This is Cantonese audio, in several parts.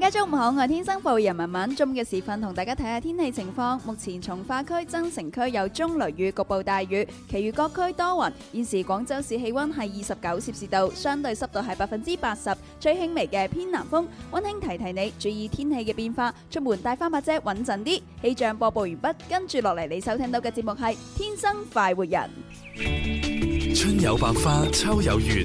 大家中午好，我係天生報人文文，中午嘅時分同大家睇下天氣情況。目前從化區、增城區有中雷雨，局部大雨，其餘各區多雲。現時廣州市氣溫係二十九攝氏度，相對濕度係百分之八十，最輕微嘅偏南風，温馨提提你注意天氣嘅變化，出門帶翻把遮，穩陣啲。氣象播報完畢，跟住落嚟你收聽到嘅節目係《天生快活人》。春有百花，秋有月。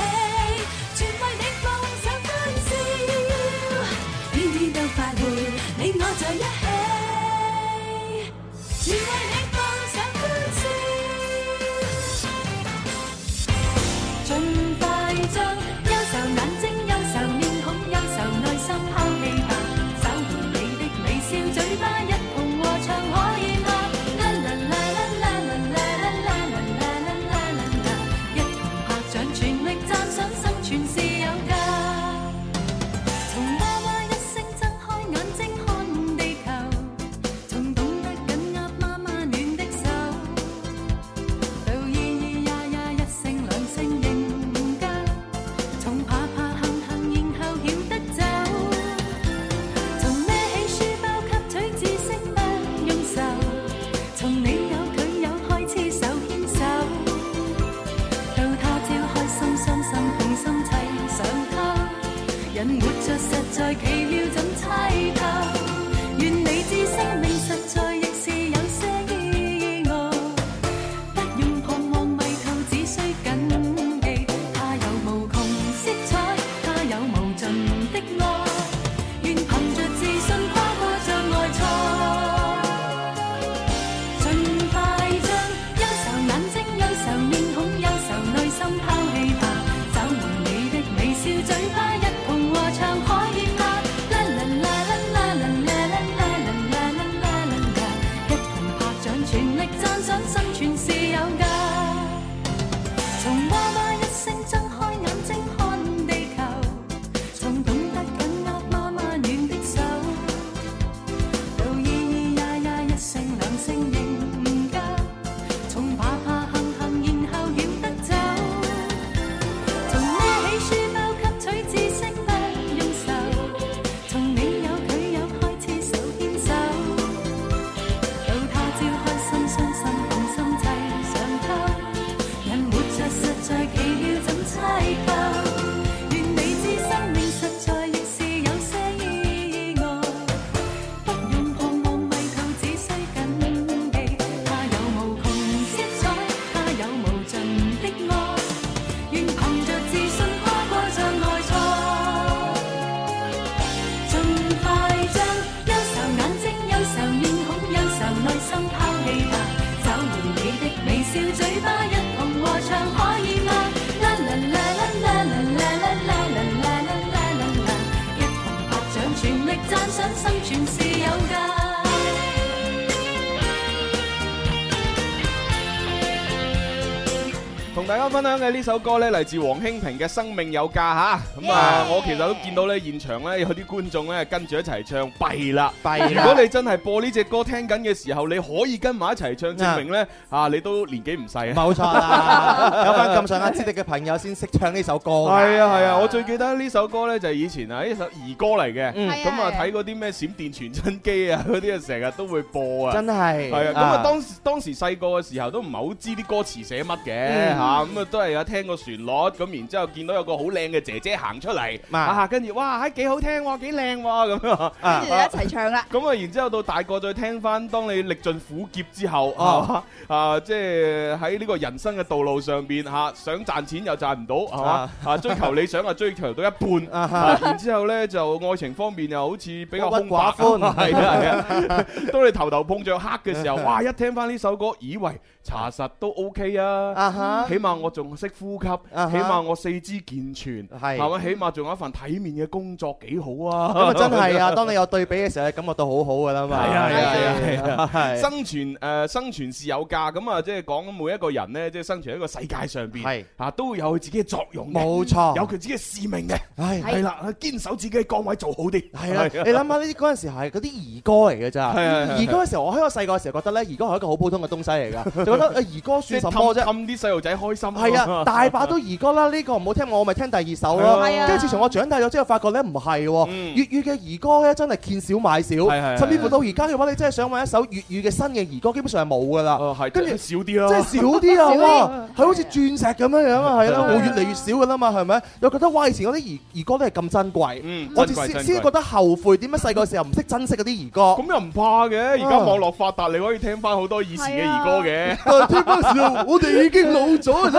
分享嘅呢首歌咧嚟自黃興平嘅《生命有價》吓，咁啊，我其實都見到咧現場咧有啲觀眾咧跟住一齊唱弊啦弊。如果你真係播呢隻歌聽緊嘅時候，你可以跟埋一齊唱，證明咧啊，你都年紀唔細啊。冇錯啊，有班咁上下資歷嘅朋友先識唱呢首歌。係啊係啊，我最記得呢首歌咧就係以前啊呢首兒歌嚟嘅，咁啊睇嗰啲咩閃電傳真機啊嗰啲啊成日都會播啊。真係係啊，咁啊當時當時細個嘅時候都唔係好知啲歌詞寫乜嘅吓咁。都係有聽個旋律，咁然之後見到有個好靚嘅姐姐行出嚟，啊跟住哇，喺、啊、幾好聽，幾靚咁啊，跟住一齊唱啦。咁啊，然之後，後到大個再聽翻，當你歷盡苦劫之後啊，啊，啊，即係喺呢個人生嘅道路上邊吓、啊，想賺錢又賺唔到，係嘛啊，啊，啊追求理想啊追求到一半，啊啊啊、然之後呢就愛情方面又好似比較空寡歡，係啊係啊。 當你頭頭碰着黑嘅時候，哇！一聽翻呢首歌，以為查實都 OK 啊，啊起碼我。仲識呼吸，起碼我四肢健全，係、uh、嚇 -huh. 啊，起碼仲有一份體面嘅工作，幾好啊！咁啊，真係啊，當你有對比嘅時候，你感覺到好好噶啦嘛。係啊係啊係啊！係、啊啊啊啊啊、生存誒、呃，生存是有價，咁啊，即係講每一個人咧，即、就、係、是、生存喺個世界上邊，係嚇、啊、都會有佢自己嘅作用的。冇錯，有佢自己嘅使命嘅。係係啦，堅守自己嘅崗位做好啲。係啦、啊啊啊，你諗下呢啲嗰陣時係嗰啲兒歌嚟嘅咋？兒歌嘅時候，我喺我細個嘅時候覺得咧，兒歌係一個好普通嘅東西嚟㗎，就覺得誒兒歌算什麼啫？氹啲細路仔開心。係啊，大把都兒歌啦，呢個唔好聽我，我咪聽第二首咯。跟住從我長大咗之後，發覺咧唔係喎，粵語嘅兒歌咧真係見少買少。甚至乎到而家嘅話，你真係想搵一首粵語嘅新嘅兒歌，基本上係冇㗎啦。跟住少啲咯。即係少啲啊！少啲。係好似鑽石咁樣樣啊，係啦，會越嚟越少㗎啦嘛，係咪？又覺得哇，以前嗰啲兒歌都係咁珍貴。我至先先覺得後悔，點解細個時候唔識珍惜嗰啲兒歌。咁又唔怕嘅，而家網絡發達，你可以聽返好多以前嘅兒歌嘅。但係聽嗰時，我哋已經老咗。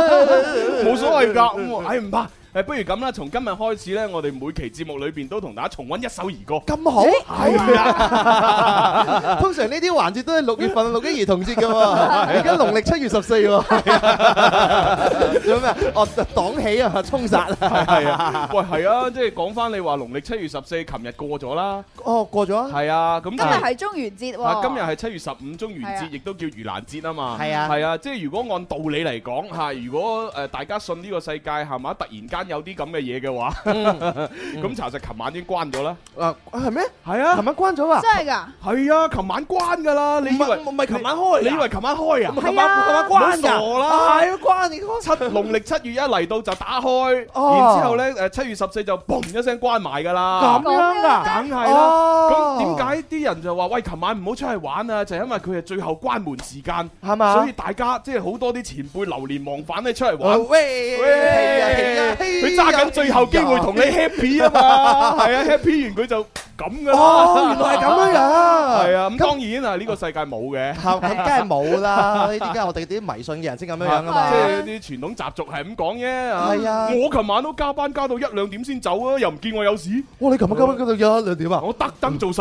冇所謂㗎，唔。唉唔怕。誒，不如咁啦，從今日開始咧，我哋每期節目裏面都同大家重溫一首兒歌。咁好，係啊。 通常呢啲環節都係六月份六一 兒童節噶喎，而 家農曆七月十四喎。 做咩？哦，擋起啊，衝殺啊，係 啊。喂，係啊，即係講翻你話農曆七月十四，琴日過咗啦。哦，過咗。係啊，咁、就是。今日係中元節喎、啊啊。今日係七月十五中元節，亦都叫盂蘭節啊嘛。係啊，係啊，啊，即係如果按道理嚟講嚇、啊，如果、呃、大家信呢個世界係嘛，突然間。有啲咁嘅嘢嘅話，咁查實琴晚已經關咗啦。嗱，係咩？係啊，琴晚關咗啊！真係噶，係啊，琴晚關噶啦。你以為唔係唔係琴晚開？你以為琴晚開啊？係啊，琴晚關噶。唔好傻啦，係啊，關你個七農曆七月一嚟到就打開，然之後咧誒七月十四就嘣一聲關埋噶啦。咁樣噶，梗係啦。點解啲人就話喂，琴晚唔好出去玩啊？就係因為佢係最後關門時間，係嘛？所以大家即係好多啲前輩流連忘返咧，出嚟玩。喂，佢揸緊最後機會同你 happy 啊嘛？係啊，啊哈哈，happy 完佢就咁噶，哦，原來係咁樣啊？係啊，咁，啊啊啊啊啊啊，當然啊，呢，這個世界冇嘅，梗係冇啦。點，啊，解我哋啲迷信嘅人先咁樣樣噶，啊，嘛？即係啲傳統習俗係咁講啫。係啊，啊我琴晚都加班加到一兩點先走啊，又唔見我有事。哇，你琴晚加班加到一兩點啊？我特登做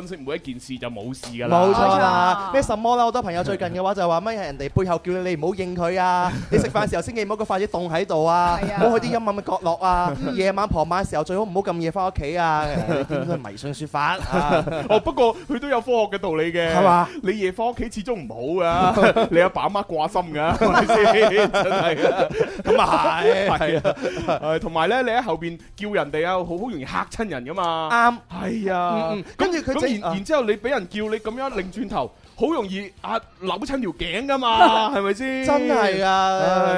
分析每一件事就冇事噶啦，冇錯啦，咩什,什麼啦？好多朋友最近嘅話就話乜嘢人哋背後叫你你唔好應佢啊，你食飯時時候千祈唔好個筷子凍喺度啊，唔好、啊、去啲陰暗嘅角落啊，夜、嗯、晚傍晚嘅時候最好唔好咁夜翻屋企啊，呢啲係迷信説法、啊、哦， 不過佢都有科學嘅道理嘅，係嘛？你夜翻屋企始終唔好啊。 你阿爸阿媽，媽掛心噶，係 係真 啊，咁啊係，係啊，同埋咧，你喺後邊叫人哋啊，好好容易嚇親人噶嘛。啱，係、哎、啊、嗯嗯，跟住佢。咁然之後、啊、然後你俾人叫你咁樣擰轉頭好容易啊扭親條頸噶嘛，係咪先？真係啊！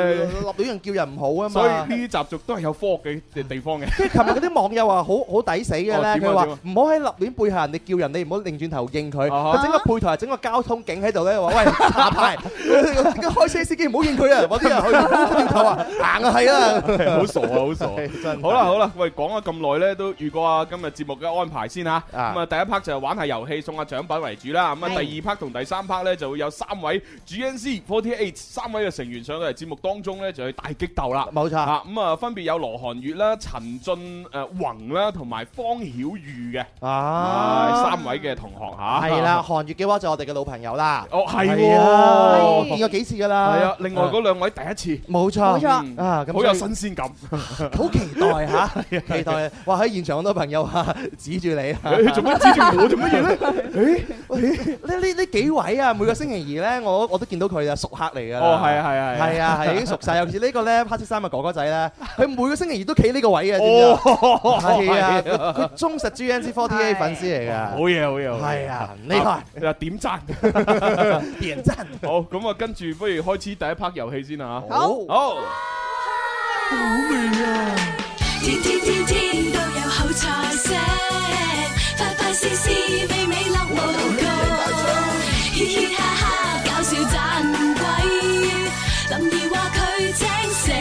立亂人叫人唔好啊嘛。所以呢啲習俗都係有科學嘅地方嘅。即係琴日嗰啲網友話好好抵死嘅咧，佢話唔好喺立亂背下人哋叫人，你唔好擰轉頭應佢。佢整個背台整個交通警喺度咧，話喂，查牌，依家開車司機唔好應佢啊！嗰啲人擰轉頭啊，行啊係啊，好傻啊好傻！真好啦好啦，喂講咗咁耐咧，都預過啊今日節目嘅安排先嚇。咁啊第一 part 就係玩下遊戲送下獎品為主啦。咁啊第二 part 同。第三 part 咧就會有三位 GNZ48 三位嘅成員上到嚟節目當中咧，就去大激鬥啦。冇錯啊，咁啊分別有羅寒月啦、陳俊誒宏啦，同埋方曉瑜嘅啊，三位嘅同學嚇。係啦，寒月嘅話就我哋嘅老朋友啦。哦，係啊，見過幾次㗎啦。係啊，另外嗰兩位第一次。冇錯，冇錯啊，好有新鮮感，好期待嚇，期待。哇！喺現場好多朋友嚇指住你，你做乜指住我做乜嘢咧？誒，呢呢呢幾？幾位啊？每個星期二咧，我我都見到佢啊，熟客嚟噶。哦，係啊，係係係。係啊，係已經熟曬。尤其是呢個咧，黑色衫嘅哥哥仔咧，佢每個星期二都企呢個位啊。哦，係啊，佢忠實 GNZ48 粉絲嚟噶。好嘢，好嘢。係啊，厲害！又點贊？點贊？好，咁啊，跟住不如開始第一 part 遊戲先啦嚇。好好。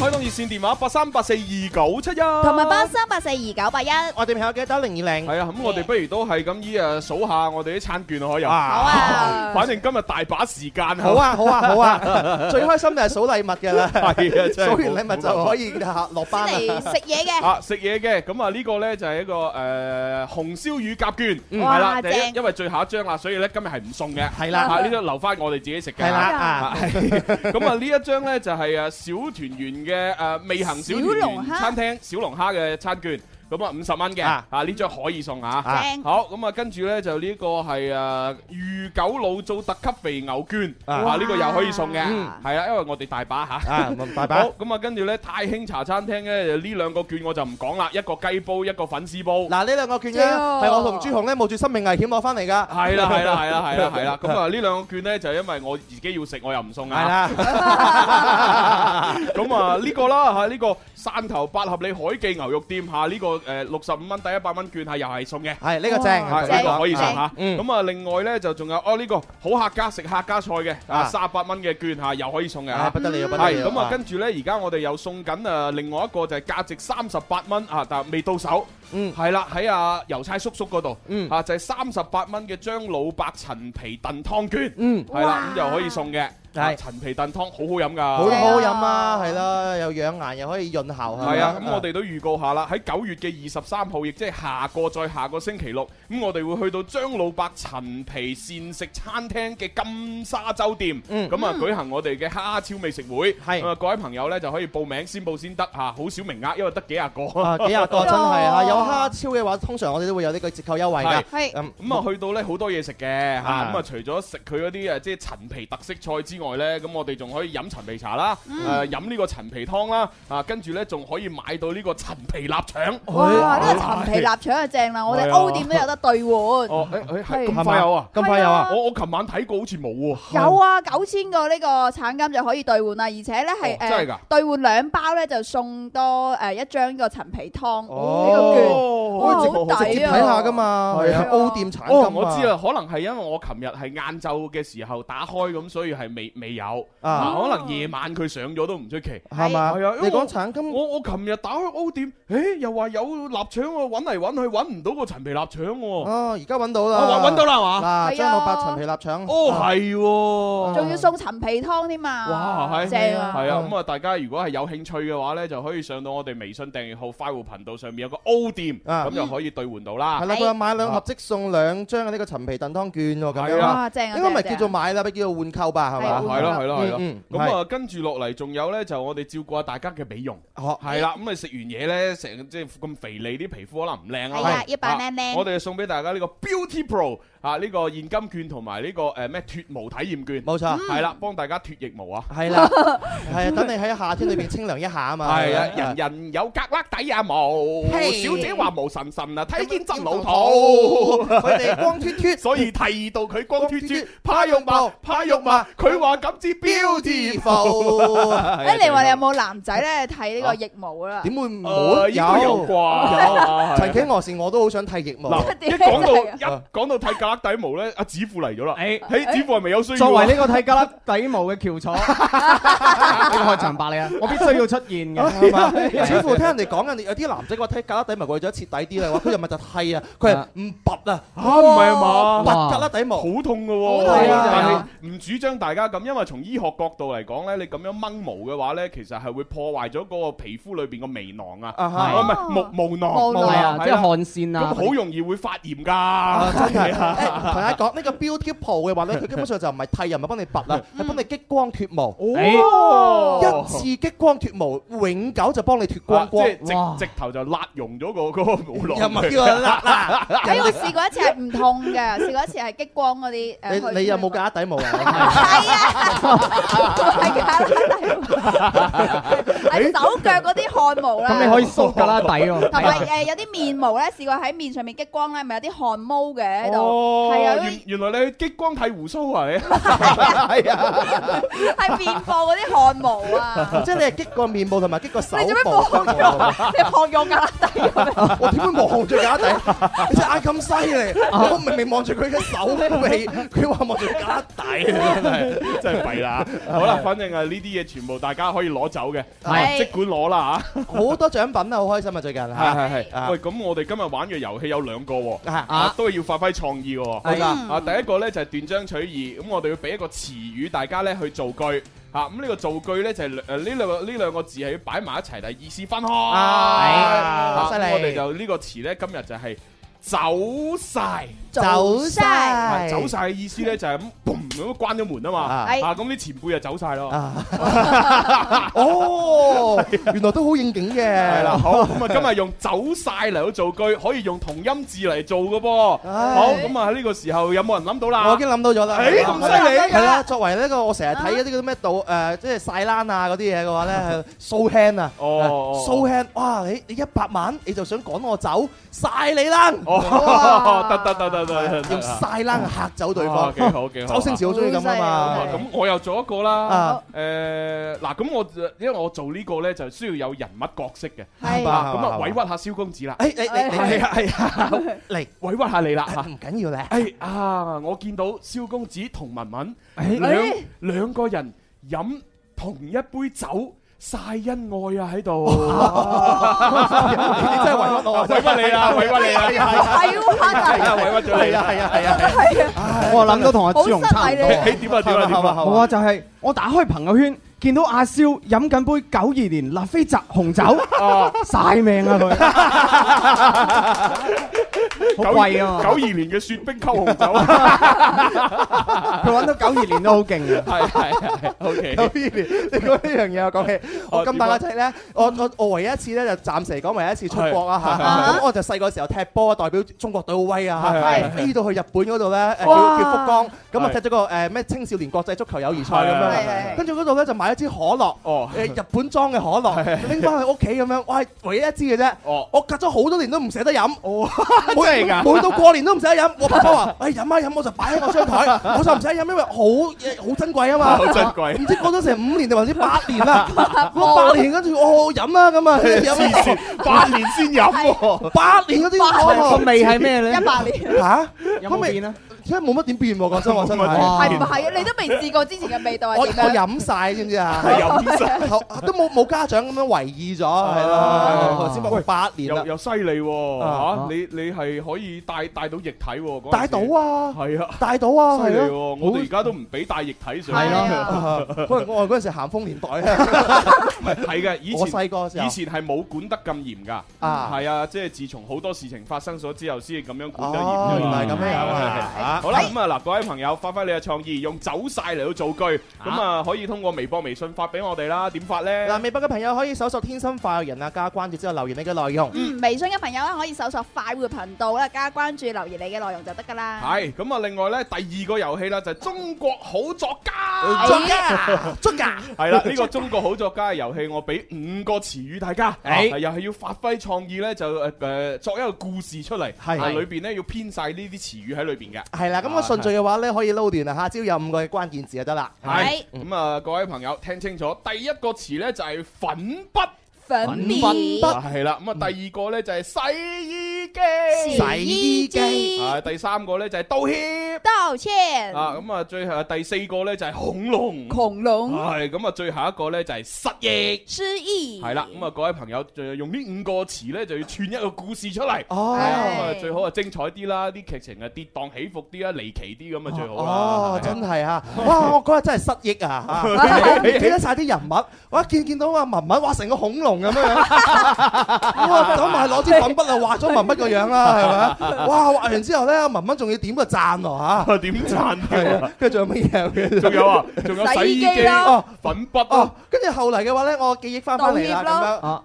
開通熱線電話八三八四二九七一，同埋八三八四二九八一，我哋朋友記得打零二零。係啊，咁我哋不如都係咁依啊數下我哋啲餐券可以有？好啊，反正今日大把時間。好啊，好啊，好啊，最開心就係數禮物㗎喇。係啊，數完禮物就可以下落班。嚟食嘢嘅。啊，食嘢嘅，咁啊呢個咧就係一個誒紅燒魚夾券，係啦，正，因為最後一張啦，所以咧今日係唔送嘅，係啦，呢張留翻我哋自己食嘅，係啦，啊，咁啊呢一張咧就係啊小團圓嘅。嘅誒，味、呃、行小龍蝦餐廳，小龍蝦嘅餐券。咁啊，五十蚊嘅啊呢張可以送吓，好。咁啊，跟住咧就呢個係啊，魚狗佬做特級肥牛券啊，呢個又可以送嘅，係啦，因為我哋大把吓，大把好。咁啊，跟住咧泰興茶餐廳咧呢兩個券我就唔講啦，一個雞煲，一個粉絲煲，嗱呢兩個券咧係我同朱紅咧冒住生命危險攞翻嚟噶，係啦，係啦，係啦，係啦，係啦，咁啊呢兩個券咧就係因為我自己要食，我又唔送啊，係喇，咁啊呢個啦吓呢個汕頭八合里海記牛肉店吓呢個。誒，六十五蚊抵一百蚊券，吓又係送嘅。係呢、這個正，呢、啊這個可以送吓。咁啊、嗯，另外咧就仲有哦呢、這個好客家食客家菜嘅啊，啊，三百蚊嘅券吓又可以送嘅、啊啊。不得了，不得了。係咁啊，啊跟住咧，而家我哋又送緊啊，另外一個就係價值三十八蚊啊，但係未到手。嗯，係啦、啊，喺啊郵差叔叔嗰度，嗯啊就係三十八蚊嘅張老伯陳皮燉湯券。嗯，哇，係啦，咁又可以送嘅。係陳、啊、皮燉湯好好飲噶、啊，好好好飲啦，係啦、啊，又養顏又可以潤喉係係啊！係、嗯、啊，咁、嗯、我哋都預告下啦，喺九月嘅二十三號，亦即係下個再下個星期六，咁、嗯、我哋會去到張老伯陳皮膳食餐廳嘅金沙洲店，咁、嗯、啊、嗯嗯、舉行我哋嘅蝦超美食會，係，咁、嗯、啊各位朋友呢，就可以報名先報先得吓，好、啊、少名額，因為得幾廿個，幾廿個真係啊！ 的哎、有蝦超嘅話，通常我哋都會有呢個折扣優惠嘅，係咁啊去到呢，好多嘢食嘅吓，咁啊、嗯、除咗食佢嗰啲啊，即係陳皮特色菜之外。外咧，咁我哋仲可以飲陳皮茶啦，誒飲呢個陳皮湯啦，啊跟住咧仲可以買到呢個陳皮臘腸。哇，呢個陳皮臘腸又正啦，我哋 O 店都有得兌換。哦，誒咁快有啊？咁快有啊？啊哎哎哎哎、我我琴晚睇過，好似冇喎。有啊，九千個呢個橙金就可以兌換啦，而且咧係誒兌換兩包咧就送多誒一張個陳皮湯呢、哦嗯這個券，好好抵啊！睇下噶嘛，係啊 O 店橙金。我知啦，可能係因為我琴日係晏晝嘅時候打開咁，所以係未。未有啊、嗯，可能夜晚佢上咗都唔出奇，係嘛、啊？你講橙金，我我琴日打開 O 店，誒、欸，又話有臘腸，我揾嚟揾去揾唔到個陳皮臘腸喎。而家揾到啦，揾到啦，係嘛？嗱，張個白陳皮臘腸，哦，係、啊、喎，仲、啊啊、要送陳皮湯添嘛？哇，係正啊！係啊，咁啊，啊，啊、嗯嗯，大家如果係有興趣嘅話咧，就可以上到我哋微信訂閱號快活頻道上面有個 O 店，咁、啊嗯、就可以兌換到啦。嗱、嗯啊啊嗯啊，買兩盒即送兩張呢個陳皮燉湯券喎，咁、啊、樣哇，正應該唔係叫做買啦，叫換購吧，係嘛？係咯係咯係咯，咁啊跟住落嚟仲有咧，就我哋照顧下大家嘅美容，係、哦、啦，咁啊食完嘢咧，成即係咁肥膩啲皮膚可能唔靚啊，係要扮靚靚，我哋送俾大家呢個 Beauty Pro。啊！呢個現金券同埋呢個誒咩脫毛體驗券，冇錯，係啦，幫大家脫腋毛啊，係啦，係啊，等你喺夏天裏邊清涼一下啊嘛，係啊，人人有胳肋底啊毛，小姐話毛神神啊，睇見真老土，佢哋光脫脫，所以剃到佢光脫脫，怕肉麻，怕肉麻，佢話咁至 beautiful，誒你話你有冇男仔咧睇呢個腋毛啦？點會冇？有啩？有曾經我是我都好想剃腋毛，一講到一講到剃。額底毛咧，阿子富嚟咗啦。誒，誒，子富係咪有需要？作為呢個剃格拉底毛嘅喬楚，我係陳伯你啊，我必須要出現嘅。子富聽人哋講，有啲男仔話剃格拉底毛為咗徹底啲嚟，佢又咪就係啊？佢係唔拔啊？啊，唔係嘛，拔格拉底毛好痛噶喎。唔主張大家咁，因為從醫學角度嚟講咧，你咁樣掹毛嘅話咧，其實係會破壞咗嗰個皮膚裏邊個微囊啊，唔係毛囊，即係汗腺啊，咁好容易會發炎噶。真係啊。同大家講呢個 Botox 嘅話咧，佢基本上就唔係剃，人，唔幫幫你拔啦，係幫你激光脱毛、哦。一次激光脱毛，永久就幫你脱光光。啊、即直頭頭就辣溶咗個個毛囊。又唔係叫辣 試過一次係唔痛嘅，試過一次係激光嗰啲你、啊、你有冇隔底毛啊係 是啊，係 隔底毛。 手腳嗰啲汗毛啦。咁 你可以縮隔底同埋誒有啲面毛咧，試過喺面上面激光咧，咪有啲汗毛嘅喺度。哦係、哦、啊，原原來你激光剃鬍鬚啊？你係啊，係 面部嗰啲汗毛啊， 即係你係激過面部同埋激過手，你做咩望住？你望住假底？ 你我點會望住假底？哦、摸 你真係咁犀利！ 我明明望住佢嘅手，佢佢話望住假底，真係真係弊啦！好啦，反正係呢啲嘢，全部大家可以攞走嘅，即、啊、管攞啦吓。好多獎品啊，好開心啊！最近係係係。喂，咁我哋今日玩嘅遊戲有兩個、啊啊啊，都要發揮創意。係、嗯、啊，第一個咧就係、是、斷章取義，咁我哋要俾一個詞語大家咧去造句，吓、啊、咁、嗯這個、呢個造句咧就係誒呢兩個呢兩個字係要擺埋一齊，但意思分開。啊，好犀利、啊啊嗯！我哋就、這個、詞呢個詞咧，今日就係、是、走晒。走曬，走曬嘅意思咧就係咁，咁關咗門啊嘛，啊咁啲前輩就走曬咯。哦，原來都好應景嘅。係啦，好咁啊，今日用走曬嚟去造句，可以用同音字嚟做嘅噃。好咁啊，喺呢個時候有冇人諗到啦？我已經諗到咗啦。誒，咁犀利。係啦，作為呢個我成日睇一啲嗰啲咩賭誒，即係曬冷啊嗰啲嘢嘅話咧，係 show hand 啊。哦，show hand。哇，你你一百萬你就想趕我走曬你啦？哦，得得得得。用晒冷嚇走對方，周星馳好中意咁啊嘛，咁我又做一個啦，誒，嗱，咁我因為我做呢個咧，就需要有人物角色嘅，係嘛，咁啊委屈下蕭公子啦，誒，你你係啊係，嚟委屈下你啦，唔緊要咧，哎啊，我見到蕭公子同文文兩兩個人飲同一杯酒。晒恩愛啊喺度，你真係委屈我，委屈你啦，委屈你啦，委屈你啦，委屈咗你啦，係啊係啊，我話諗到同阿朱容差，你點啊點啊點啊？我話就係我打開朋友圈，見到阿蕭飲緊杯九二年拉菲澤紅酒，晒命啊佢。九二九二年嘅雪冰溝紅酒，佢揾到九二年都好勁嘅。係係 OK 九二年，你講呢樣嘢啊，講起我咁大個仔咧，我我我唯一一次咧就暫時嚟講唯一一次出國啊吓。咁 我就細個時候踢波，啊，代表中國隊好威啊吓。係。 依到去日本嗰度咧，叫叫福岡，咁、嗯、啊踢咗個誒咩青少年國際足球友誼賽咁樣。跟住嗰度咧就買一支可樂，哦，日本裝嘅可樂，拎翻去屋企咁樣。哇，唯一一支嘅啫。哦。我隔咗好多年都唔捨得飲。哦。冇得飲，每到過年都唔使飲。我爸爸話：，哎飲啊飲，我就擺喺我張台，我就唔使飲，因為好好珍貴啊嘛。好珍貴。唔知過咗成五年定或者八年啦？我八年跟住我飲啊咁啊，飲八年先飲，八年嗰啲我個味係咩咧？一百年吓？有冇變啊？因為冇乜點變喎，講真，我真係係唔係啊是是？你都未試過之前嘅味道，道有有 啊！我我飲曬知唔知啊？飲曬，都冇冇家長咁樣為意咗，係啦。頭先講八年啦，又犀利喎。你你係可以帶帶到液體喎？帶到啊！係啊！帶到啊！犀利、啊、我哋而家都唔俾帶液體上。係咯 啊，我我嗰陣時鹹豐年代啊，唔係嘅。以前我細個以前係冇管得咁嚴㗎。係啊，即係自從好多事情發生咗之後，先至咁樣管得嚴。哦，原來係咁樣。好啦，咁啊嗱，各位朋友，發揮你嘅創意，用走晒嚟到造句，咁啊可以通過微博、微信發俾我哋啦。點發呢？嗱，微博嘅朋友可以搜索天生快活人啊，加關注之後留言你嘅內容。嗯，微信嘅朋友咧可以搜索快活頻道啦，加關注留言你嘅內容就得噶啦。係，咁啊另外呢，第二個遊戲啦就係中國好作家，嗯、作、家 作家，作家，係 啦是的，呢 個中國好作家嘅遊戲，我俾五個詞語大家，係、哎啊、又係要發揮創意呢就誒、呃、作一個故事出嚟，係、啊、裏邊咧要編晒呢啲詞語喺裏邊嘅。係啦，咁個順序嘅話咧，可以撈亂啦吓，只要有五個關鍵字就得啦。係，咁啊、嗯，各位朋友聽清楚，第一個詞咧就係、是、粉筆。粉筆，係啦，咁啊，是嗯嗯嗯嗯第二個咧就係、是、洗衣機，洗衣機，機，啊，第三個咧就係、是、道歉，道歉，啊，咁、嗯、啊，最後第四個咧就係、是、恐龍，龍、哎，恐、嗯、龍，係，咁啊，最後一個咧就係、是、失憶，失憶，係、嗯、啦，咁啊，各位朋友就要用呢五個詞咧就要串一個故事出嚟，哦、哎，係啊，最好啊精彩啲啦，啲劇情啊跌宕起伏啲啊，離奇啲咁啊最好啦，哦，的真係啊的，哇，我嗰日真係失憶啊，未、啊、 記得晒啲人物，我一見見到阿文文，哇，成個恐龍。咁 樣， 哇！走埋攞支粉筆啊，畫咗文文個樣啦，係咪啊？哇！畫完之後咧，文文仲要點個讚喎、啊、嚇！點 讚、啊？係、啊，跟住仲有乜嘢？仲有啊？仲有洗衣機咯，粉筆哦、啊。跟、啊、住後嚟嘅話咧，我記憶翻返嚟啦。道歉咯。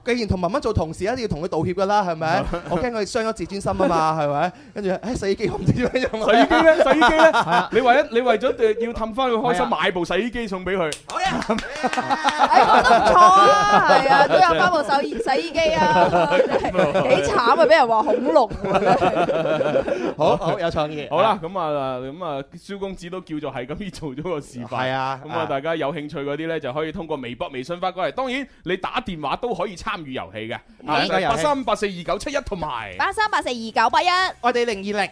咁樣，既然同文文做同事，一定要同佢道歉噶啦，係咪？ 我驚佢傷咗自尊心啊嘛，係咪？跟住，哎，洗衣機唔知點樣用？洗衣機咧，洗衣機咧， 你為咗，你為咗要氹翻佢開心， 啊、買部洗衣機送俾佢。 哎，講得唔錯啊，係 啊，都有翻部手洗衣機啊， 幾慘啊，俾 人話恐龍、啊， 好好有創意，好啦，咁啊，咁啊，蕭公子都叫做係咁樣做咗個示範，係啊，咁啊，大家有興趣嗰啲咧，就可以通過微博、微信發過嚟，當然你打電話都可以參與遊戲嘅，八三八四二九七一同埋八三八四二九八一，我哋零二零。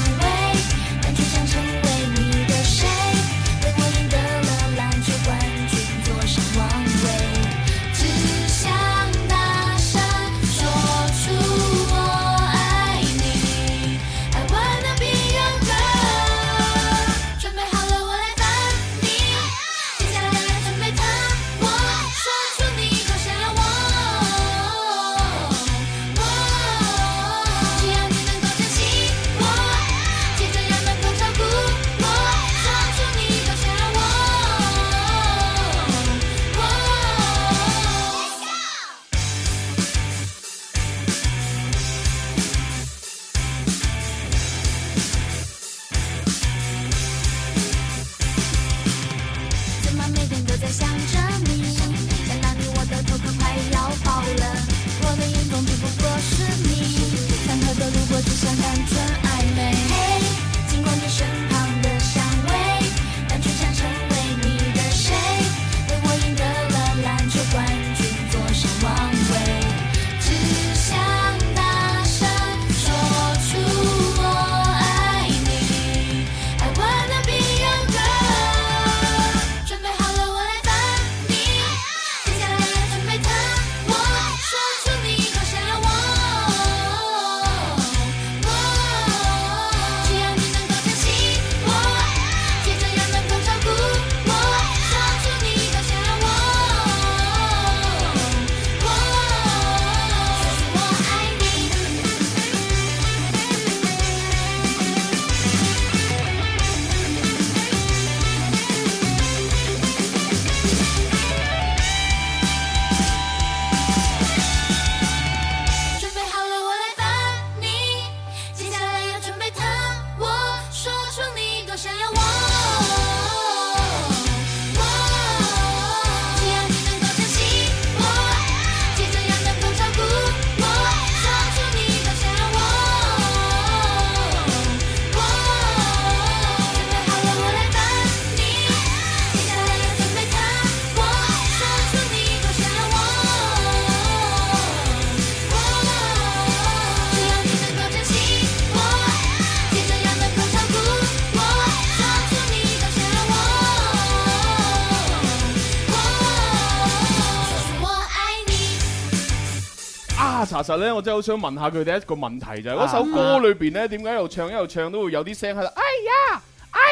其實呢，我真係好想問一下佢第一個問題就係、是、嗰首歌裏面呢，點、嗯、解、啊、一路唱一路唱都會有啲聲喺度？哎呀！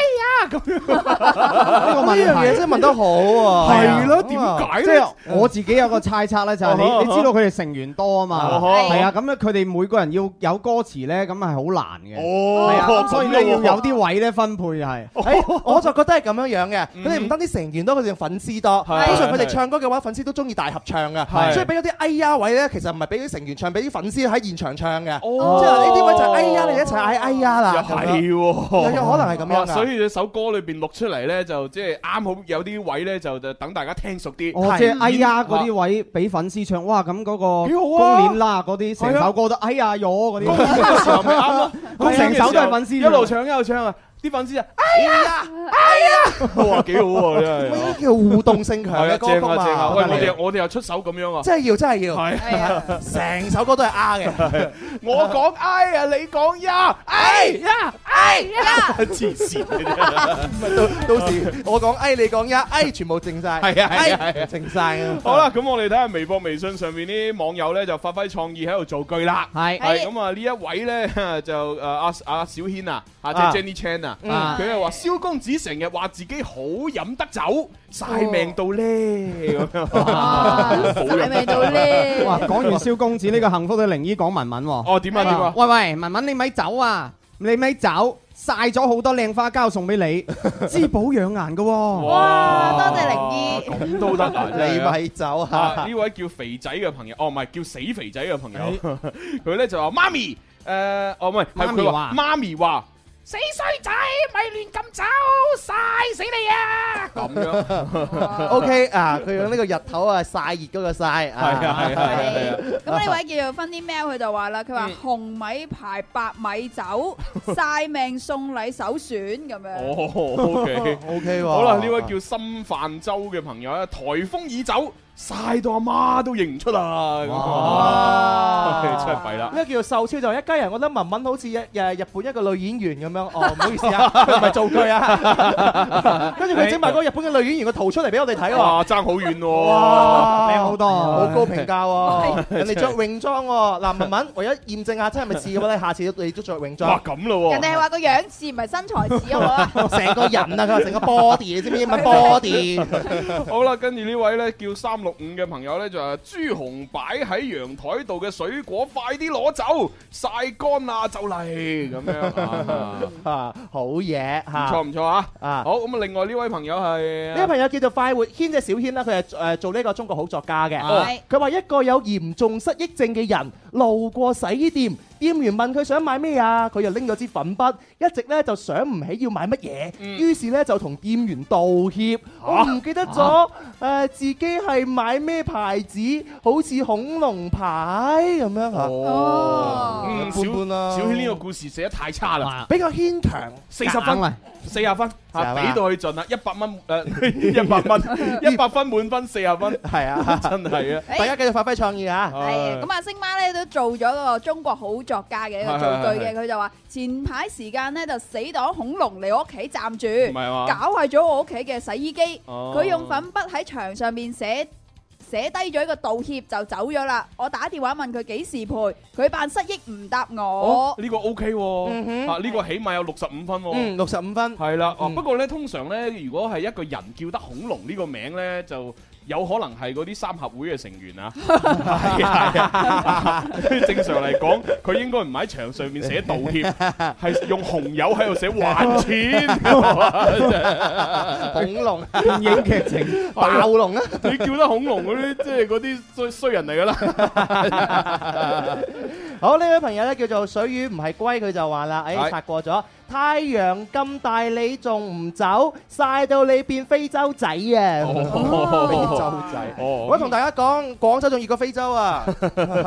哎呀，咁樣呢 個嘢真係問得好啊。係咯、啊，點解咧？即、啊就是、我自己有個猜測咧，就係你你知道佢哋成員多啊嘛，係啊，咁咧佢哋每個人要有歌詞咧，咁係好難嘅，哦、啊啊，所以要要有啲位咧分配係、就是哦哦哦欸。我就覺得係咁樣樣嘅，佢哋唔單止成員多，佢哋粉絲多，通常佢哋唱歌嘅話，粉絲都中意大合唱嘅，所以俾咗啲哎呀位咧，其實唔係俾啲成員唱，俾啲粉絲喺現場唱嘅，哦，即係呢啲位就哎呀，你一齊嗌哎呀啦，係有有可能係咁樣嘅。啊跟住首歌裏邊錄出嚟咧，就即係啱好有啲位咧，就就等大家聽熟啲。哦是，即係能哎呀嗰啲位俾粉絲唱哇，咁嗰個幾好啊！年啦嗰啲，成首歌都哎呀喐嗰啲，成 首都係粉絲一路唱一路唱啊！ 啲粉絲啊，哎呀，哎呀，我話幾好喎，呢啲叫互動性強嘅歌曲啊！喂，我哋我哋又出手咁樣啊！真係要，真係要，係啊！成首歌都係啊嘅，我講哎啊，你講呀，哎呀，哎呀，黐線，到時我講哎，你講呀，哎，全部淨晒，係啊，係啊，淨晒。好啦，咁我哋睇下微博、微信上面啲網友咧，就發揮創意喺度造句啦。係，係咁啊！呢一位咧就誒阿阿小軒啊，啊即 Jenny Chan 啊。佢又話蕭公子成日話自己好飲得酒晒命到咧咁樣，晒命到咧。哇！講完蕭公子呢個幸福嘅靈姨講文文。哦，點啊點啊！喂、啊啊啊、喂，文文你咪走啊！你咪走，曬咗好多靚花膠送俾你，滋補養顏噶。哇！多謝靈姨。咁、啊、都得，你咪走吓、啊。呢、啊、位叫肥仔嘅朋友，哦唔係叫死肥仔嘅朋友，佢、哎、咧就話媽咪，誒、呃，哦唔係係佢話媽咪話。死衰仔，咪亂咁走晒死你啊！咁樣，OK 啊！佢用呢個日頭啊晒熱嗰個曬，係啊係啊。係啊！咁呢位叫做 Fendi Mel，佢就話啦：佢話紅米牌白米酒，晒 命送禮首選咁樣。哦、oh，OK OK 好啦，呢位、uh. 叫心泛舟嘅朋友咧，颱風已走。曬到阿媽都認唔出啊！那個、哇，哇哎、真係廢啦！呢個叫做秀超就係一家人，我覺得文文好似日本一個女演員咁樣。 哦，唔好意思啊，佢唔係道具啊。跟住佢整埋嗰個日本嘅女演員個圖出嚟俾我哋睇、啊啊啊。哇，爭好遠喎，靚好多，好、哎、高評價、啊哎。人哋着泳裝、啊。嗱、哎哎啊， 文文，為咗驗證下真係咪似嘅話下次要都着泳裝。哇，咁咯。人哋係話個樣似唔係身材似啊，成 個人啊，佢話成個 body，你知唔知英文 body？ 英文 body 好啦，跟住呢位咧叫三六五嘅朋友呢，就係朱紅擺喺陽台度嘅水果，快啲攞走晒乾啦，就嚟咁樣啊，好嘢吓，錯唔錯啊？啊， 好咁啊！另外呢位朋友係呢、啊啊、位朋友叫做快活軒嘅小軒啦，佢係誒做呢個中國好作家嘅，佢話、啊啊、一個有嚴重失憶症嘅人路過洗衣店。店員問佢想買咩啊？佢又拎咗支粉筆，一直咧就想唔起要買乜嘢，嗯、於是咧就同店員道歉，啊、我唔記得咗誒、啊呃、自己係買咩牌子，好似恐龍牌咁樣吓。哦，一般般啦。小小軒呢個故事寫得太差啦，比較牽強，四十分。四十分嚇，俾到佢盡啦！一百蚊誒，一百蚊，一百分滿分，四十分，係啊， 真係啊、哎！大家繼續發揮創意嚇，咁啊，哎、星媽咧都做咗個中國好作家嘅一個造句嘅，佢、啊啊啊、就話：前排時間咧就死黨恐龍嚟我屋企站住，唔係啊、搞壞咗我屋企嘅洗衣機，佢、哦、用粉筆喺牆上面寫。寫低咗一個道歉就走咗啦，我打電話問佢幾時賠，佢扮失憶唔答我。呢個 OK，啊呢、呢個起碼有六十五分，啊、嗯六十五分係啦。不過呢，通常呢，如果係一個人叫得恐龍呢個名呢，就。有可能係嗰啲三合會嘅成員啊！ 正常嚟講，佢應該唔喺牆上面寫道歉，係 用紅油喺度寫還錢。 完全 恐龍 電影劇情暴 龍啦、啊！你叫得恐龍嗰啲，即係嗰啲衰衰人嚟噶啦！ 好，呢位朋友呢叫做水魚，唔係龜佢就話啦，哎，發過咗太陽咁大，你仲唔走，曬到你變非洲仔啊！哦、非洲仔，我、哦、同大家講，廣州仲熱過非洲啊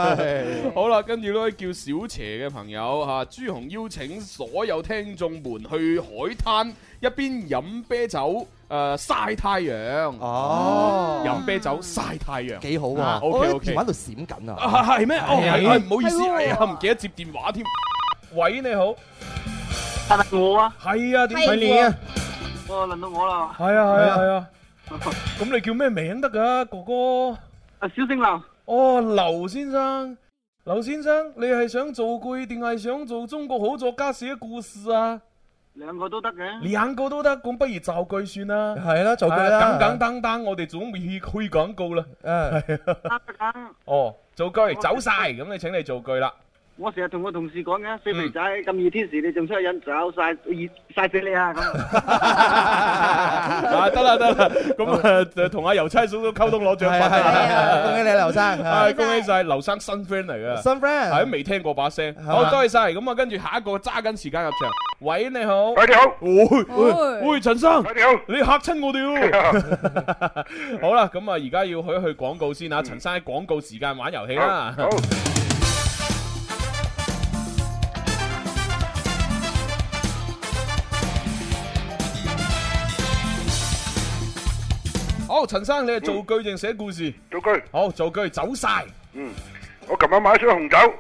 好啦，跟住呢位叫小邪嘅朋友、啊、朱紅邀請所有聽眾們去海灘。一邊飲啤酒，誒、呃、曬太陽哦，飲啤酒曬、嗯、太陽，幾好啊！O K O K，電話度閃緊啊，係咩、啊？係、啊、唔、哎哦 okay, 啊、好意思，係啊，唔記得接電話添。喂，你好，係、啊、咪我啊？係啊，係你啊？哦，輪到我啦！係啊，係啊，係 啊！咁、啊、你叫咩名得噶、啊，哥哥？啊，小星劉。哦，劉先生，劉先生，你係想做句定係想做中國好作家寫嘅故事啊？兩個都得嘅，兩個都得，咁不如就句算啦。係啦，就、 啊、句啦，啊、簡簡單單，啊、我哋總會去廣告啦。誒、啊，哦、 嗯，造句，走晒完，咁你請你做句啦。我成日同我同事講噶，死肥仔，咁熱天時，你仲出去飲酒曬熱曬死你啊！咁，得啦得啦，咁就同阿郵差叔叔溝通攞獎品，恭喜你劉生，係恭喜晒劉生新 friend 嚟嘅，新 friend 係都未聽過把聲，好，多謝晒，咁啊，跟住下一個揸緊時間入場，喂，你好，喂，你好，喂，喂陳生，你好，你吓親我哋喎。好啦，咁啊，而家要去一去廣告先啊，陳生喺廣告時間玩遊戲啦。好，陳生，你係造句定寫故事？造句，好造句，走晒。嗯，我琴晚買咗箱紅酒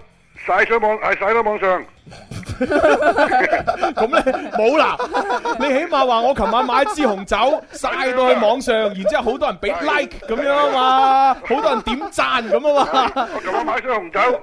晒上網，係晒到網上。咁咧冇啦，你起碼話我琴晚買一支紅酒晒到去網上，然之後好多人俾 like 咁樣啊嘛，好多人點讚咁啊嘛。我琴晚買咗箱紅酒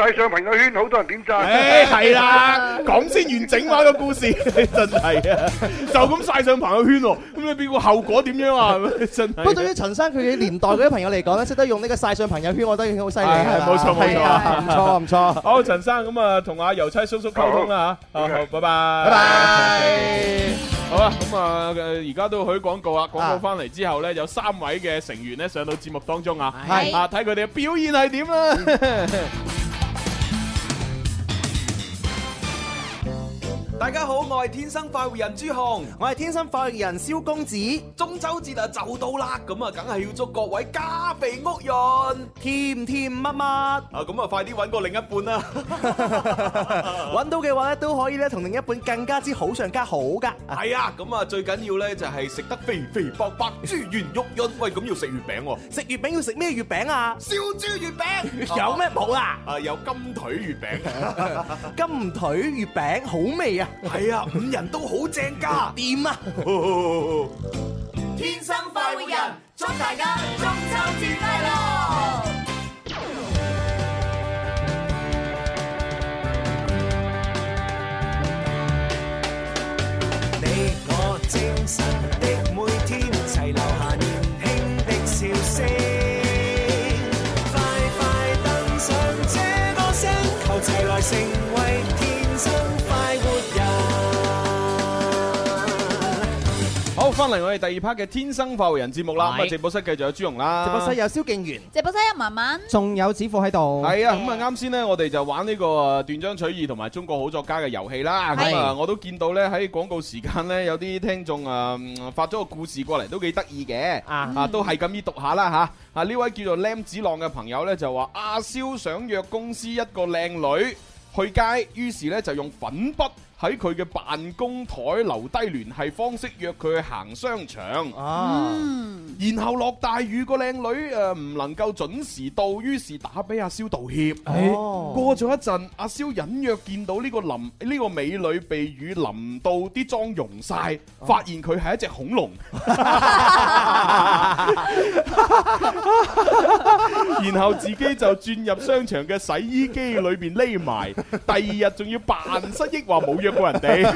晒上朋友圈，好多人點讚。誒，係啦，講先完整話嘅故事，真係啊，就咁晒上朋友圈喎。咁你邊個後果點樣啊？真。不過對於陳生佢嘅年代嗰啲朋友嚟講咧，識得用呢個晒上朋友圈，我覺得已經好犀利係。冇錯，冇錯，唔錯唔錯。好，陳生咁啊，同阿郵差叔叔溝通啦吓。好，拜拜，拜拜。好啊，咁啊，而家都要許廣告啊。廣告翻嚟之後咧，有三位嘅成員咧上到節目當中啊，係啊，睇佢哋嘅表現係點啊。大家好，我係天生快活人朱紅，我係天生快活人蕭公子。中秋節啊就到啦，咁啊梗係要祝各位家肥屋潤，甜甜蜜蜜。啊咁啊，快啲搵個另一半啦！搵 到嘅話咧，都可以咧同另一半更加之好上加好噶。係 啊，咁啊最緊要咧就係食得肥肥白白豬圓肉潤。喂，咁要食月餅喎？食月餅要食咩月餅啊？燒、啊、豬月餅 有咩好啊？啊， 有金腿月餅。 金腿月餅好味啊！係啊， 五人都好正噶，掂 啊棒了？ 天生快活人，祝大家中秋節快樂。你我精神的。嚟，我哋第二 part 嘅天生快活人節目啦，咁啊，直播室繼續有朱容啦，直播室有蕭敬源，直播室有文文，仲有子富喺度。係啊，咁啊啱先咧，我哋就玩呢個啊斷章取義同埋中國好作家嘅遊戲啦。咁啊，我都見到咧，喺廣告時間咧有啲聽眾啊發咗個故事過嚟，都幾得意嘅啊，都係咁依讀下啦吓。啊呢位叫做梁子浪嘅朋友咧就話阿蕭想約公司一個靚女去街，於是咧就用粉筆。喺佢嘅辦公台留低聯繫方式，約佢去行商場。嗯、啊，然後落大雨，個靚女誒唔、呃、能夠準時到，於是打俾阿蕭道歉。哦哎、過咗一陣，阿蕭隱約見到呢個淋呢、呢個美女被雨淋到啲妝容晒，發現佢係一隻恐龍，啊、 然後自己就轉入商場嘅洗衣機裏邊匿埋。第二日仲要扮失憶，話冇約。一個人地，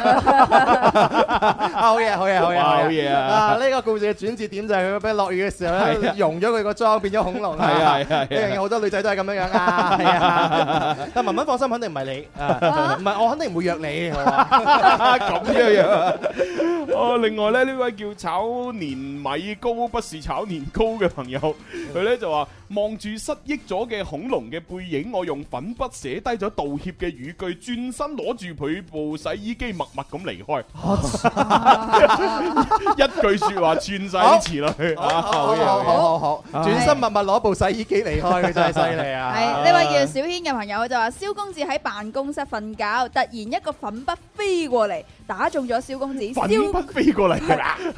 好嘢，好嘢，好嘢，好嘢啊！啊，呢個故事嘅轉折點就係佢俾落雨嘅時候咧，融咗佢個妝，變咗恐龍。係啊係，呢樣嘢，好多女仔都係咁樣樣啊！係啊，但文文放心，肯定唔係你，唔係我肯定唔會約你。咁樣樣啊！另外咧，呢位叫炒年米糕不是炒年糕嘅朋友，佢咧就話望住失憶咗嘅恐龍嘅背影，我用粉筆寫低咗道歉嘅語句，轉身攞住佢部。洗衣機默默咁離開， 一句說話串晒啲詞落去！好好好，轉身默默攞部洗衣機離開，佢真係犀利啊！係呢位叫小軒嘅朋友就話：蕭公子喺辦公室瞓覺，突然一個粉筆飛過嚟，打中咗蕭公子。粉筆飛過嚟，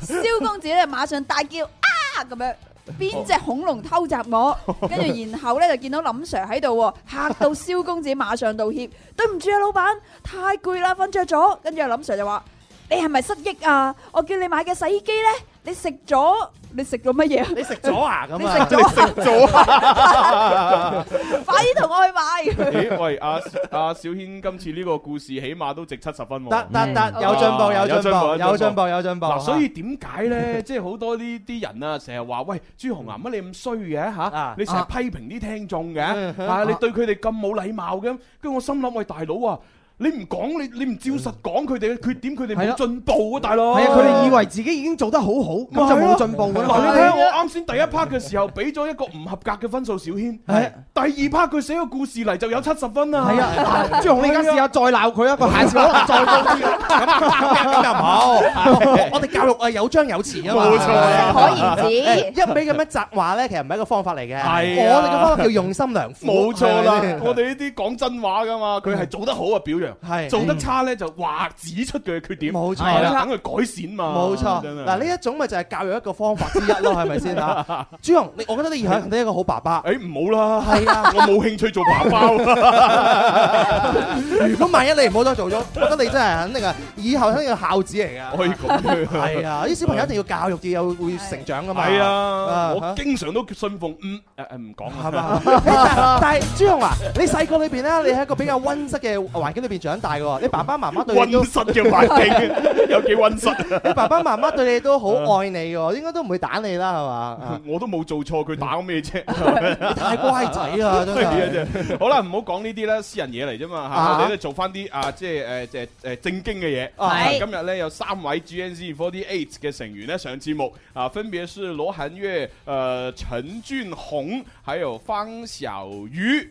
蕭公子咧馬上大叫啊！咁樣。邊隻恐龍偷襲我？跟住然後咧就見到林 Sir 喺度，吓到蕭公子馬上道歉，對唔住啊，老闆，太攰啦，瞓着咗。跟住阿林 Sir 就話：你係咪失憶啊？我叫你買嘅洗衣機呢。你食咗？你食咗乜嘢？你食咗啊？咁啊！你食咗？食咗啊！快啲同我去買。咦？喂，阿阿小軒，今次呢個故事起碼都值七十分喎。得得得，有進步，有進步，有進步，有進步。嗱，所以點解咧？即係好多呢啲人啊，成日話喂朱紅啊乜你咁衰嘅嚇？你成日批評啲聽眾嘅啊？你對佢哋咁冇禮貌嘅咁，跟住我心諗喂大佬啊！你唔講你你唔照實講佢哋嘅缺點，佢哋冇進步啊，大佬。係啊，佢哋以為自己已經做得好好，咁、啊、就冇進步嗱，噶啦、你睇下。我啱先第一 part 嘅時候俾咗一個唔合格嘅分數，小軒。係。第二 part 佢寫個故事嚟，就有七十分啦。係啊，朱紅，你而家試下再鬧佢啊！下次可能再咁，又唔好。我哋教育啊有章有詞啊嘛。冇錯。可言止。啊啊、一味咁樣責話咧，其實唔係一個方法嚟嘅。係、啊。我哋嘅方法叫用心良苦。冇錯啦，我哋呢啲講真話噶嘛，佢、嗯、係做得好啊，表揚。係做得差咧，就話指出佢嘅缺點，係啦，等佢、啊、改善嘛。冇錯，嗱呢一種咪就係教育一個方法之一咯，係咪先啊？朱 紅，你我覺得你以後肯定一個好爸爸。誒唔好啦，係啊，我冇興趣做爸爸。 如果萬一你唔好再做咗，我覺得你真係肯定係以後肯定個孝子嚟噶。可以咁嘅，係啊，啲 是、啊、 小朋友一定要教育至有會成長噶嘛。係啊，啊，我經常都信奉，唔講係咪啊？但係朱紅啊，你細個裏邊咧，你喺一個比較溫室嘅環境裏邊。長大嘅你爸爸媽媽對你都温室嘅環境，有幾温室？你爸爸媽媽對你都好 愛你嘅喎， 應該都唔會打你啦，係嘛？我都冇做錯，佢打我咩啫？你太乖仔啊！真 好啦，唔好講呢啲啦，私人嘢嚟啫嘛，吓我哋都做翻啲啊，即係誒，誒，誒、啊就是呃，正經嘅嘢，啊。今日咧有三位 G N Z Forty Eight 嘅成員咧上節目，啊，分別是羅寒月、誒陳俊宏，還有方小宇。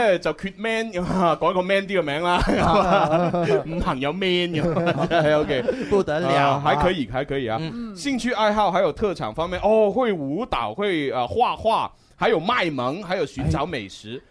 即係就缺 man，咁，改個 man 啲嘅名啦，uh, uh, uh, 五朋行友有 man 嘅 you know,，OK， 不得了，還、啊啊、可以，還、uh, 可以啊、嗯，興趣愛好還有特長方面，哦，會舞蹈，會誒畫畫，還有賣萌，還有尋找美食。哎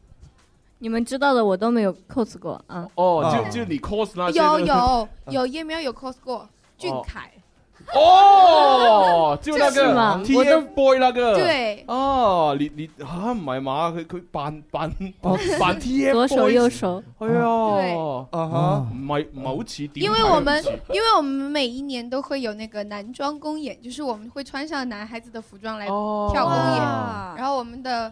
你們知道的我都沒有 cos 過啊！哦、oh,，就就你 cos 那些、uh, 有。有 有, 也沒有有，葉喵有 cos 過俊凱。哦、oh, 就那個、 就是、TFBOYS 那個。對。哦、啊，你你哈，唔、啊、係嘛，佢佢扮扮扮扮 TFBOYS 左手右手。哎呀。Oh. 對、uh -huh. 啊哈，唔係唔係好似。因為我們 因為我們每一年都會有那個男裝公演， 就是我們會穿上男孩子的服裝來跳公演、oh.，然後我們的。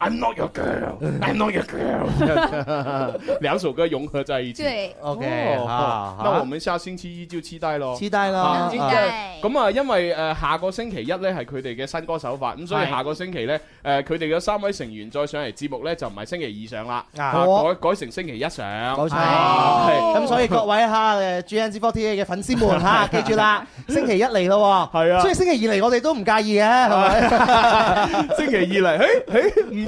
I'm not your girl, I'm not your girl 哈哈。 兩首歌融合在一起。對，OK，好，那我們下星期一就期待咯，期待咯，咁、嗯、啊、嗯嗯嗯嗯嗯，因為誒、呃、下個星期一咧係佢哋嘅新歌首發，咁所以下個星期咧誒佢哋嘅三位成員再上嚟節目咧就唔係星期二上啦，改改成星期一上。冇、啊、錯，咁、哦喔嗯、所以各位吓誒 GNZ48 嘅粉絲們吓， 記住啦，星期一嚟咯，係啊，所以星期二嚟我哋都唔介意嘅，係 咪對吧？星期二嚟，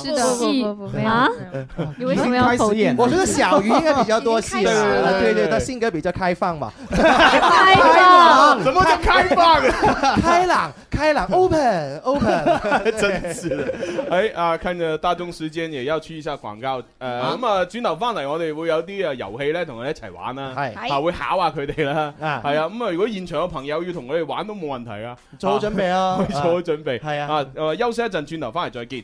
係啊！你為什麼要開始演？我覺得小魚應該比較多戲、啊，對對，對，他性格比較開放嘛。開放？開什麼叫開放、啊開？開朗？開朗？Open？Open？Open, 真是！哎啊，看着大眾時間也要去一下廣告誒。咁、呃、啊，轉、嗯啊、頭翻嚟我哋會有啲誒遊戲咧，同佢哋一齊玩啦。係啊，會考下佢哋啦。啊，係、嗯、啊。咁、嗯、啊、嗯嗯嗯，如果現場嘅朋友要同佢哋玩都冇問題啊。做好準備啊！做好準備。係啊。啊，誒，休息一陣，轉頭翻嚟再結。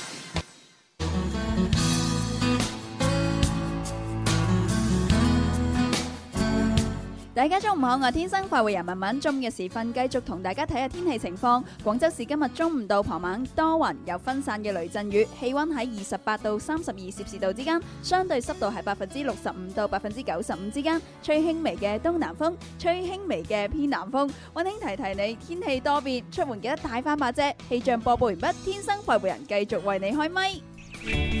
大家中午好，我係天生快活人文文，中午嘅時分繼續同大家睇下天氣情況。廣州市今日中午到傍晚多雲有分散嘅雷陣雨，氣溫喺二十八到三十二攝氏度之間，相對濕度係百分之六十五到百分之九十五之間，吹輕微嘅東南風，吹輕微嘅偏南風。溫馨提提你，天氣多變，出門記得帶翻把遮。氣象播報完畢，天生快活人繼續為你開咪。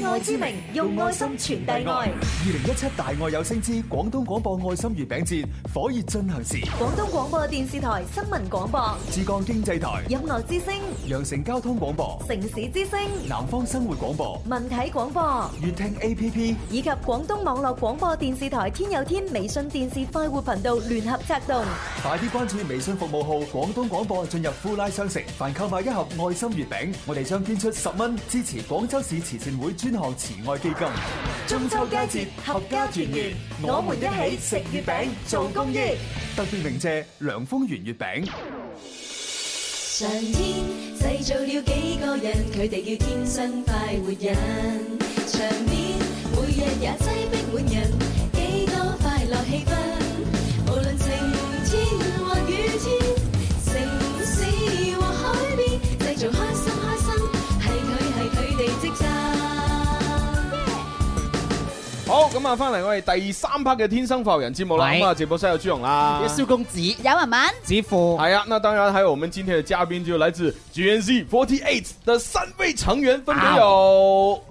愛之名，用愛心傳遞愛。二零一七大愛有聲之廣東廣播愛心月餅節火熱進行時。廣東廣播電視台新聞廣播、珠江經濟台、音樂之聲、羊城交通廣播、城市之聲、南方生活廣播、文體廣播、悅聽 A P P 以及廣東網絡廣播電視台天有天微信電視快活頻道聯合策動。快啲關注微信服務號廣東廣播，進入呼拉商城，凡購買一盒愛心月餅，我哋將捐出十蚊支持廣州市慈善會專行。慈愛基金。中秋佳節合家團圓，我們一起食月餅做公益。特別鳴謝涼風圓月餅。上天製造了幾個人，佢哋叫天生快活人，場面每日也擠逼滿人，幾多快樂氣氛。好，咁啊，翻嚟我哋第三 part 嘅天生快活人節目啦。咁啊，直播室有朱融啦，蕭公子，有文文、子父，係、哎、啊，那當然還有我們今天嘅嘉賓就來自 G N Z Forty Eight 嘅三位成員，分別有。啊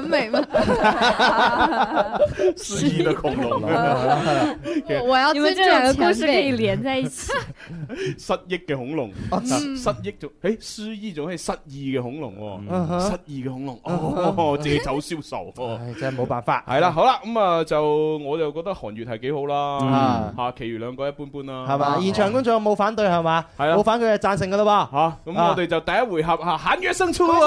很美 失憶嗎、啊？失憶的恐龍、啊啊。我要，你這兩個故事可以連在一起。失憶嘅恐龍、啊嗯，失憶仲誒，失意仲係失意嘅恐龍，失意嘅恐龍、啊嗯啊啊，哦，借、啊、酒、哦啊啊、消愁、啊哎，真係冇辦法。係、啊、啦，好啦，咁、嗯、啊就，我就覺得韓愈係幾好啦，吓、嗯，其餘兩個一般般啦，係、嗯、嘛？現場觀眾有冇反對係嘛？係啊，冇反對就贊成噶啦噃，吓、啊、咁、啊啊、我哋就第一回合吓喊一聲出、啊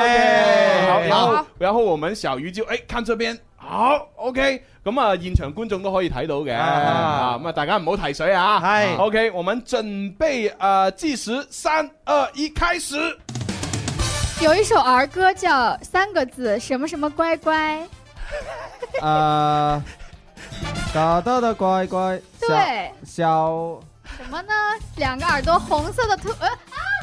O、okay, 哎、好有有然後我們小魚就哎看這邊？好，O K，咁啊，現場觀眾都可以睇到嘅，咁啊,啊,啊,啊,啊,啊,啊，大家唔好提水啊，係，O K，我們準備，呃計時，三、二、一，開始。有一首兒歌叫三個字，什麼什麼乖乖？啊，大大的乖乖，對，小，什麼呢？兩個耳朵，紅色的兔，誒。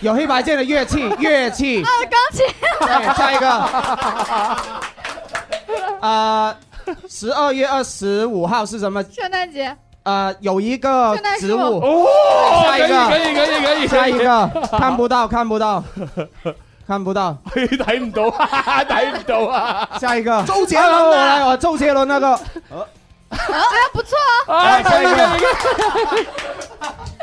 有黑白鍵的樂器， 樂器。啊，鋼琴。對，下一個。啊、 呃，十二月二十五號是什麼？聖誕節。啊、呃，有一個植物。節哦，下一個可以。可以，可以，可以，下一個。看不到， 看不到，看不到。嘿，睇唔到啊？睇唔到啊？ 下一個。周杰倫，我周杰倫那個。啊，不錯啊。來、啊，下一個。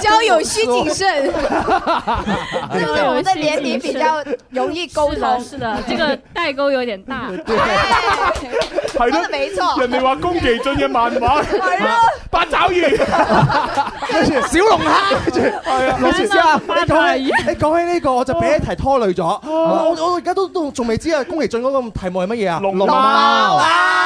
交友需謹慎， 是不是我的年紀比較容易溝通，是的，是的這個代溝有點大。係咯，沒錯。人哋話宮崎駿嘅漫畫，八爪魚，跟住小龍蝦，跟住係啊。老 師啊，哎、你講起呢、這個，我就俾一題拖累咗、啊。我我我，而家都都仲未知宮的啊，宮崎駿嗰個題目係乜嘢啊？龍龍啊！